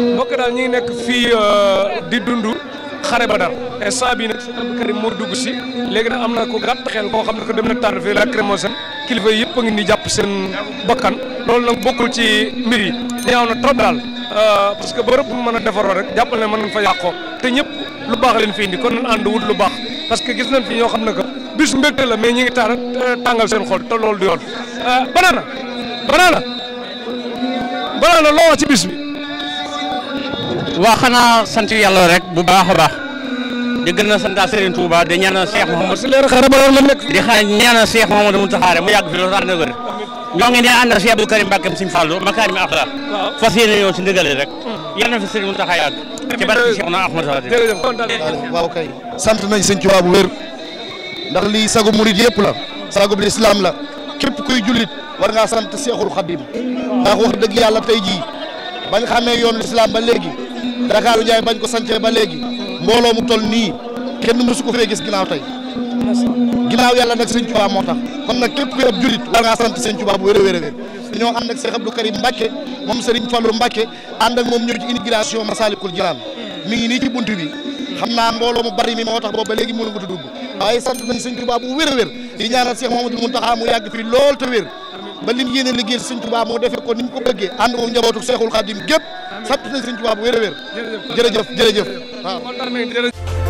mbokk daal ñi ngi nekk fii euh, di dund xare Badar instant bii nag dugg si léegi nag am na ko gàtt xel koo xam ne ko dem na tardé fii la Crémosène kilifa yëpp a ngi ni jàpp seen bakkan loolu nag bokkul ci mbir yi ñaaw na trop daal euh, parce que bërëb bu mën a defaroo rek jàppal ne mën nañ fa yàqoo te ñëpp lu baax leen fi indi kon nañ ànd wut lu baax parce que gis na fi ñoo xam ne que bis mbégte la mais ñi ngi taal euh, tàngal seen xol te loolu du yoon. banaana banaana banaana loo bis bi. waa xanaa sant yàlla rek bu baax ba baax di gën a sant Serigne Touba di ñaanal Cheikh Mouhamadou si leer xaraba la nekk di xa ñaanal Cheikh Mouhamadou Mountakha mu yàgg fi loolu na wër ñoo ngi ne ànd ak Cheikh Abdou Karim Mbacké Serigne Fallou makarim axlaq fas yéene ñëw ci ndigal rek hmm. yal na fi Serigne Mountakha yàgg ci barke Cheikh na Ahmadou Khadim waaw kay sant nañ Serigne Touba bu wér ndax lii sagu murid yëpp la sagu bi islam la képp kuy jullit war ngaa sant Cheikhul Khadim ndax wax dëgg yàlla tey jii bañ xamee yoonu islam ba léegi Ndakaaru Njaay bañ ko sancee ba léegi mbooloo mu toll nii kenn mësu ko fee gis ginnaaw tey ginnaaw yàlla nag sëñ Tuubaa moo tax kon na képp kuy ab war ngaa sant sëñ Tuubaa bu wér a wér a wér dañoo ànd ak moom Serigne Fallou Mbacke ànd ak moom ñëw ci immigration Masalikul Jinaan mi ngi xam naa mbooloo mu bari mi tax boobu ba léegi dugg waaye sant nañ di ñaanal Cheikh Mouhamadou mu yàgg fii lool ta wér ba lim yéene liggéey Sëriñ Tuubaa moo defee ko ni mu ko bëggee ànd moom njabootu Seexul Xaadim gépp sant nañ Sëriñ Tuubaa bu wér a wér jërëjëf jërëjëf